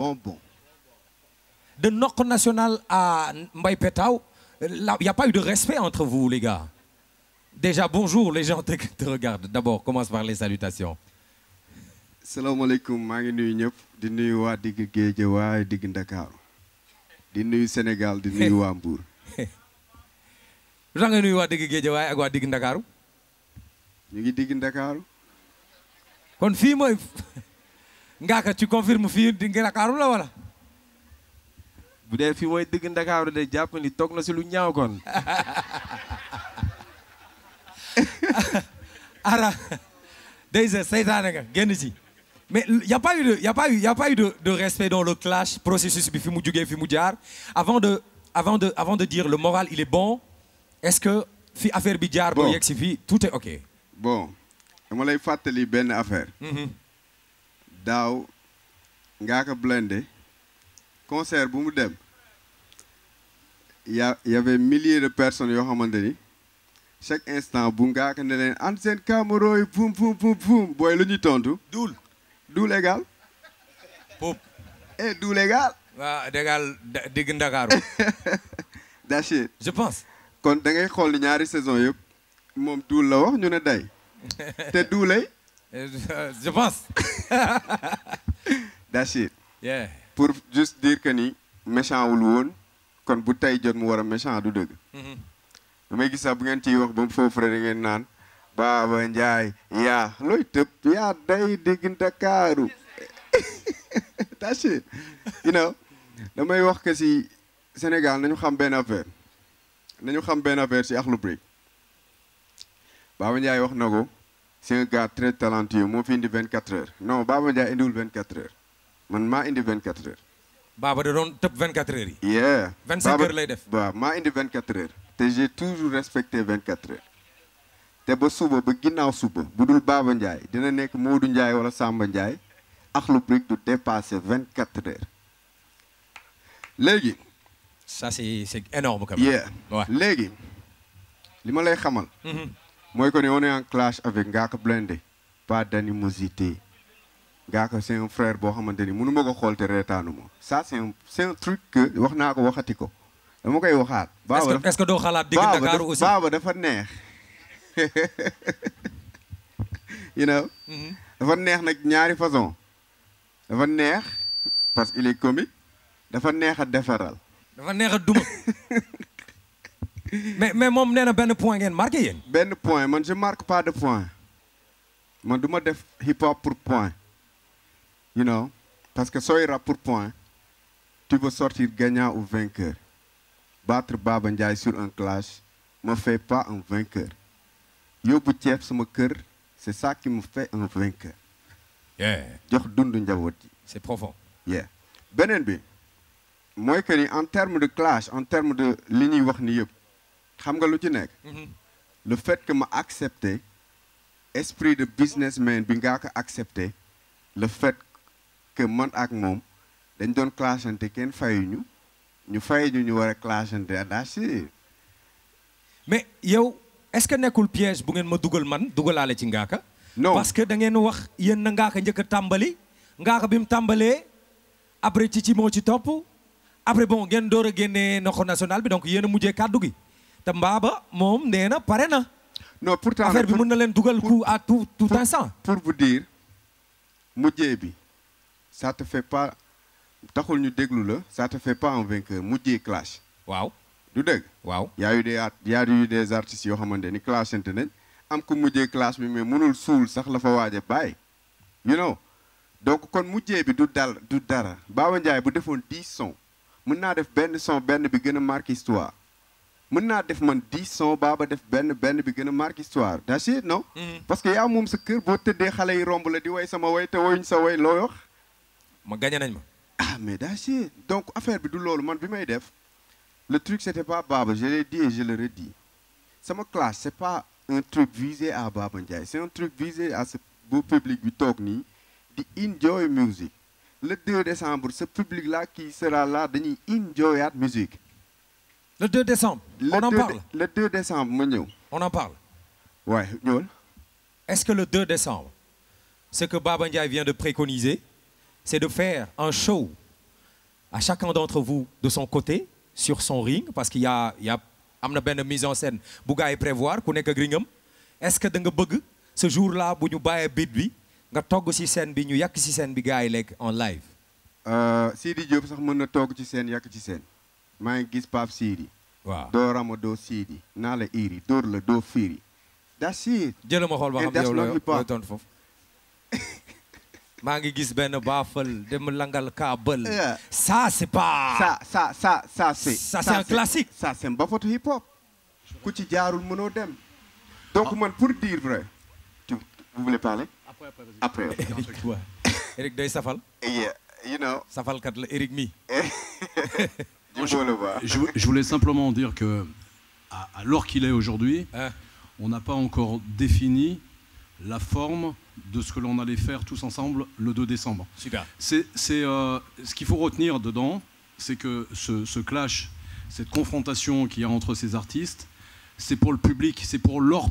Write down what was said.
bonbons. De noq National à Mbaye Pétao, il n'y a pas eu de respect entre vous, les gars. Déjà, bonjour, les gens te, te regardent. D'abord, commence par les salutations. Salam alaikum, maa ngi nuyu ñëpp di nuyu waa digg Guédiawaye digg Ndakaaru di nuyu Sénégal di nuyu waa Mbour. lu tax nga nuyu waa digg Guédiawaye ak waa digg Ndakaaru. ñu ngi digg Ndakaaru. kon fii mooy. Ngaaka ci confirme fii di ngi Ndakaaru la wala. bu dee mooy dëgg Ndakaaru de jàpp ni toog si lu ñaaw kon. ara déjà seytaane nga génn ci mais y' a pas eu de y' a respect dans le clash processus bi fi mu jugee fi mu jaar avant de avant de avant de dire le moral il est bon est-ce que fi affaire bi jaar. bon ba yegg fii tout est ok. bon dama lay fàttali benn affaire. Mhm. daaw Ngaaka Blindé concert bu mu dem ya yabe avait milliers de personnes yoo xamante ni chaque instant bu Ngaaka ne leen and seen caméra yi pum pum pum booy lu ñuy tontu. duul duul égal. pop. eh duul égal. waaw digg Ndakaaru. that's je pense. kon da ngay xool ñaari saison yëpp moom duul la wax ñu ne day te duulay. je pense. that's it. pour juste dire que ni méchant wul woon kon bu tey jot mu wara a du dëgg. damay mhm. gis sax bu ngeen ci wax ba mu foofu ngeen naan Baba Ndiaye yaa looy tëb yaa day digg Ndakaaru that's it you damay wax que si Sénégal nañu xam benn affaire nañu xam benn affaire si Akhlou Brick Baba wax na ko. c'est un gars très moo fi indi 24 heures non Baba Ndiaye indiwul 24 heures man maa indi 24 heures. Baba da doon tëb 24 heures yi. yeah 25 heures lay def. waaw maa indi 24 heures. te j'ai toujours respecté 24 heures. te ba suba ba ginnaaw suba bu dul Baba Ndiaye dina nekk Modou Ndiaye wala Samba Ndiaye Akhlou Brick du dépasser 24 heures. léegi. ça c'est c'est énorme quand même. yeah ma lay xamal. Mm-hmm. mooy quand on est en clash avec Ngaka Blende, pas d'animosité. Ngaka, c'est un frère Bohamandani. Je ne peux pas le Ça, c'est un, un truc que je ne peux pas dama koy waxaat. baaba est que doo xalaat digg Dakar aussi baaba dafa neex. you mm-hmm. dafa neex nag ñaari façon. dafa neex parce qu'il est comique. dafa neex a defaral. dafa neex a duma. mais mais moom nee na benn point ngeen marqué yéen. benn point man je marque pas de point man du def hip hop pour point you know parce que sooy rap pour point tu veux sortir gagnant ou vainqueur battre Baba Ndiaye sur un clash me fait pas un vainqueur yóbbu ceeb sama kër c'est ça qui fait un vainqueur. jox dund njaboot yi. beneen bi mooy que ni en terme de clash un terme de li ñuy wax ni yëpp. xam nga lu ci nekk. Mm-hmm. la fait que ma accepté esprit de businessman bi ngaa ko accepté le fait que man ak moom dañ doon clashante kenn fayuñu ñu fayuñu ñu war a clashante adachi ah, mais yow est-ce que nekkul piège bu ngeen ma dugal man dugalaale ci ngaaka non parce que da ngeen wax yéen na ngaaka njëkk a tàmbali ngaaka bi mu tàmbalee après ci ci moo ci topp après bon ngeen door a génnee noxo national bi donc yéen a mujjee kàddu gi te mbaaba moom nee na pare na. non pourtant affaire bi mën na leen dugal ku à tout tout instant. pour vous dire mujjee bi ça te fait pas taxul ñu déglu la ça te fait pas un vainqueur mujjee clash. waaw du dëgg. waaw y a eu des art y des artistes yoo xamante ni clashante nañ am ku mujjee clash bi mais mënul suul sax la fa waaj a bàyyi. you know donc kon mujjee bi du dal du dara Baba Ndiaye bu defoon dix sons mën naa def benn son benn bi gëna a histoire. mën naa def man dix son baaba def benn benn bi gën a marque histoire daa si mm-hmm. parce que yaa moom sa kër boo tëddee xale yi romb la di way sama way te woyuñ sa way looy ma gagné nañ ma ah mais daa donc affaire bi du loolu man bi may def le truc c'était pas baaba je l'ai dit et je le sama classe c'est pas un truc à Baba Ndiaye se un truc à ce beau public bi toog nii di enjoy music le 2 décembre ce public là qui sera là dañuy enjoyaat musique le 2 décembre. on en parle le 2 décembre ma ñëw. on en parle. waay ñëwal. est-ce que le 2 décembre ce que Baba Ndiaye vient de préconiser c'est de faire un show à chacun d'entre vous de son côté sur son ring parce qu'il y a il am na benn mise en scène bu gars yi prévoir ku nekk ak ringam est-ce que da nga bëgg ce jour-là bu ñu bàyyee bit bi nga togg ci scène bi ñu yàq ci scène bi gars yi lekk en live. Euh, Sidi Diop sax mën na togg ci scène yàq ci scène. maa ngi gis Pape Sidi. waaw doo rama la iri dóor la doo fiiri. that's ngi gis benn baafal dem langal kaabal. ça c'est pas. ça ça ça ça c'est. hip hop. ku ci jaarul mënoo dem. donc man pour safal. yeah safalkat la Eric mi. Moi, je, voulais simplement dire que, à, à l'heure qu'il est aujourd'hui, on n'a pas encore défini la forme de ce que l'on allait faire tous ensemble le décembre. Euh, ce qu'il faut retenir dedans, c'est que ce, ce, clash, cette confrontation qu'il y a entre ces artistes, c'est pour le public, c'est pour leur